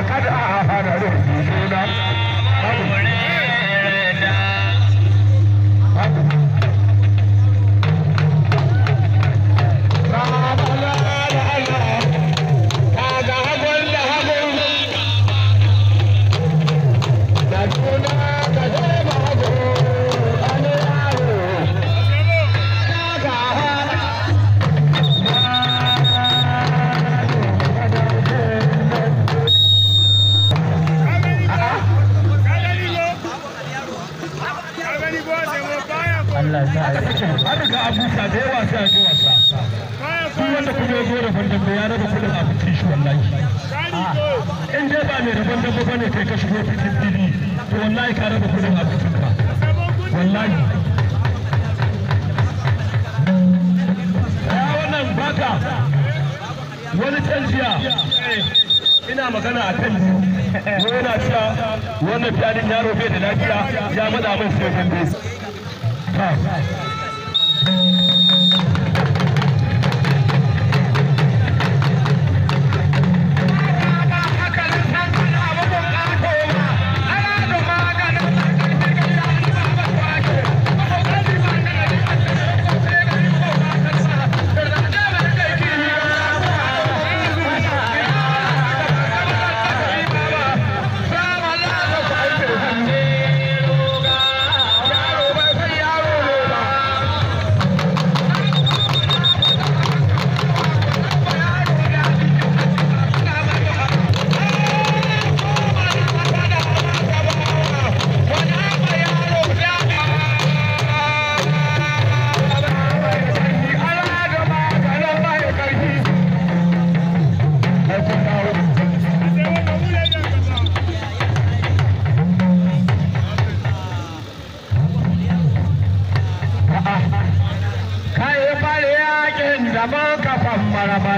لقد أعفى رشدي wallahi ka raba kudin a cikin ka wallahi ina magana a kan ko yana cewa wannan da lafiya ya mada mai sai kan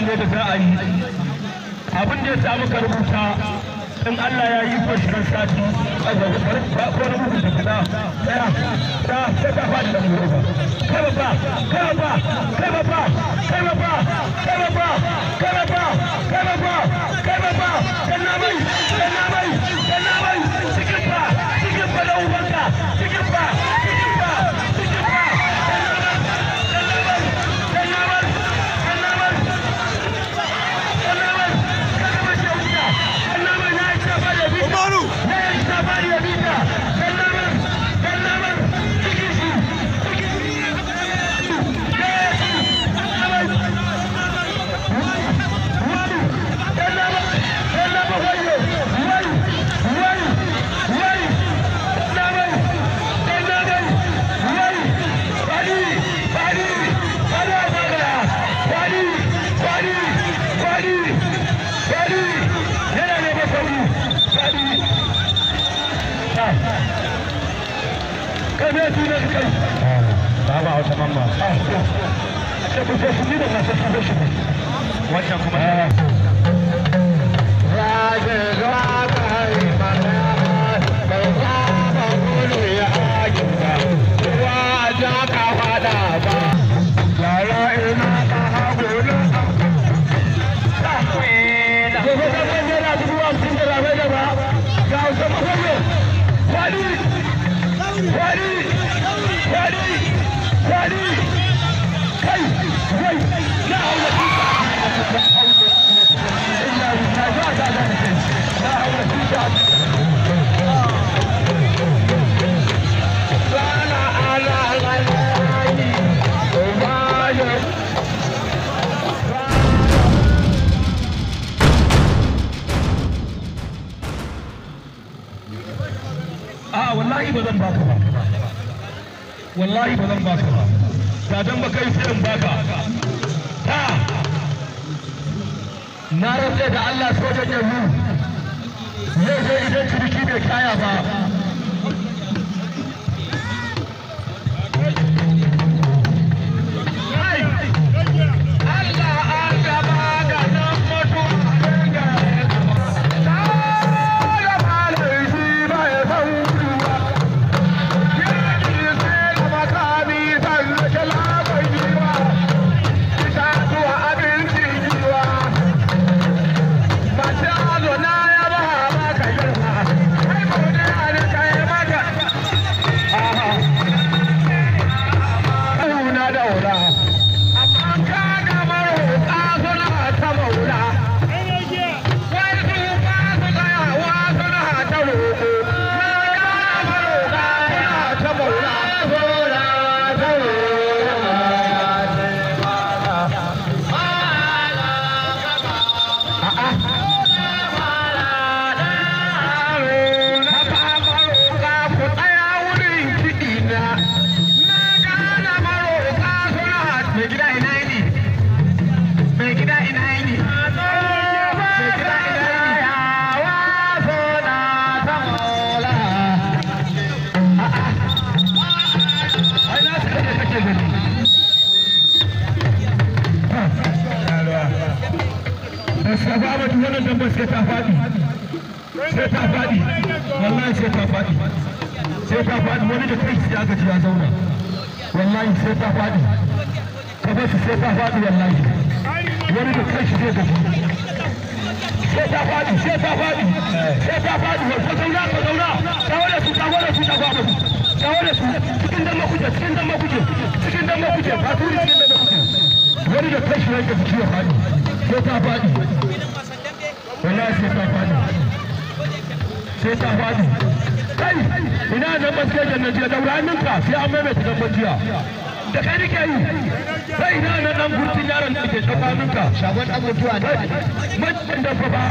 ne da za a yi abin da ya samu ka in Allah ya yi ko shirin sati a ba ko na da ɗaya ta ta ta ba da ba kama ba kama ba kama ba kama ba kama ba kama ba kama ba wallahi ba zan baka ba wallahi ba zan baka ba ga dan ba kai sai baka ta na rantsa da Allah sojan yanzu yau zai idan ciniki bai kaya ba Mustapha Ahmad wannan dambar sai ta faɗi sai ta faɗi wallahi sai ta faɗi sai ta faɗi wani da kai sai aka ji ya zauna wallahi sai ta faɗi kafa shi sai ta faɗi wallahi wani da kai shi zai gaji sai ta faɗi sai ta faɗi sai ta faɗi ka zauna ka zauna dawo da su dawo da su dawo da su dawo su cikin damar kuje cikin damar kuje cikin damar kuje ba turi cikin damar kuje wani da kai shi ya gaji ya faɗi sai ta faɗi wallahi sai ta faɗi sai ta faɗi kai ina nan ba sai jannan jiya daura hannunka sai an maimaita nan ban jiya da kai nake yi kai ina nan nan gurtin yaron da ke ɗauka hannunka shagon ɗan mutuwa ne mutum da ba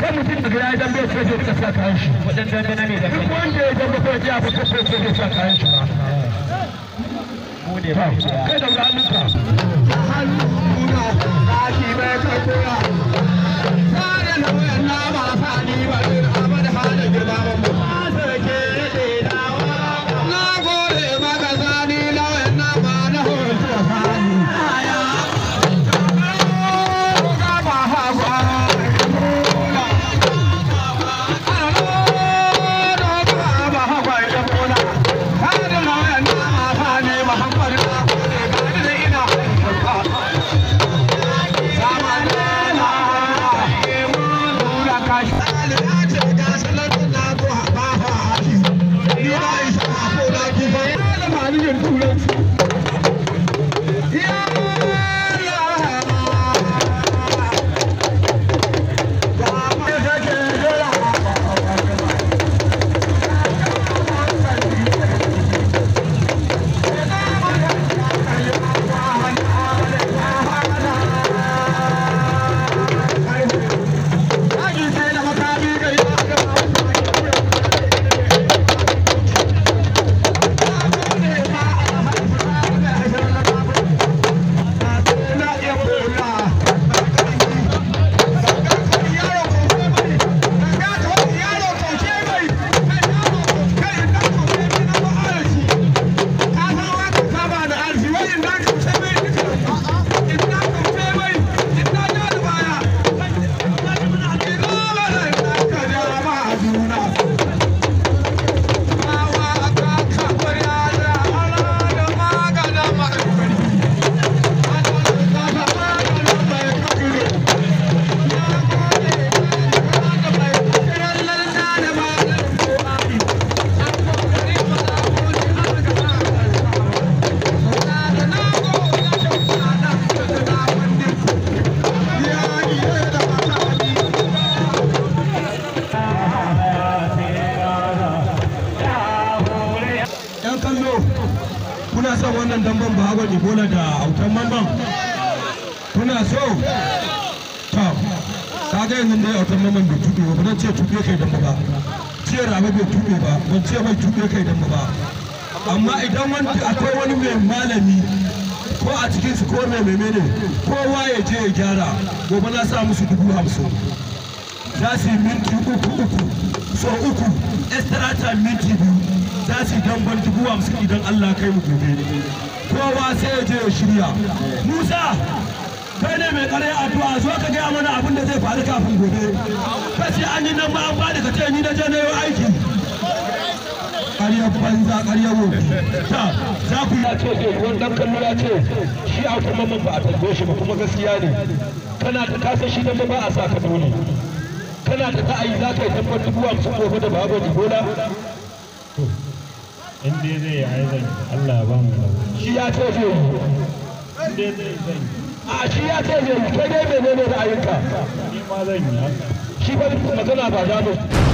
kai mutum daga ya yi bai sai zai rika sa kayan shi waɗanda dambe na ne da kai wanda ya dambe ko ya ji abu ko sai zai sa kayan shi ba kai daura hannunka Thank you. Thank you. tamman ban kuna so ta kaga yanzu dai a tamman ban bai tuɓe ba ban ce tuɓe kai dan ba ce rabe bai tuɓe ba ban ce mai tuɓe kai dan ba amma idan wani akwai wani mai malami ko a cikin su ko mai menene kowa ya je ya gyara gobe sa musu dubu hamsin za su minti uku so uku minti biyu za su damban dubu hamsin idan Allah kai mu gobe kowa sai ya je ya shirya Musa kai ne mai kare addu'a zo ka gaya mana abin da zai faru kafin gobe kace an yi nan ba an bada ka ce ni na je na yi aiki ƙaryar banza ƙaryar wofi ta za ku yi ce ke ruwan dan kallo ya ce shi a kuma man ba a tambaye shi ba kuma gaskiya ne kana da kasa shi dan ba a sa ka dole kana da ta'ayi za ka yi tabbar dubu hamsin gobe da babu jibola in dai zai yi aizan Allah ba mu da shi ya ce zai yi in dai zai zan a shi ya ce zai yi kai dai menene ra'ayinka ni ma zan yi shi ba magana ba za mu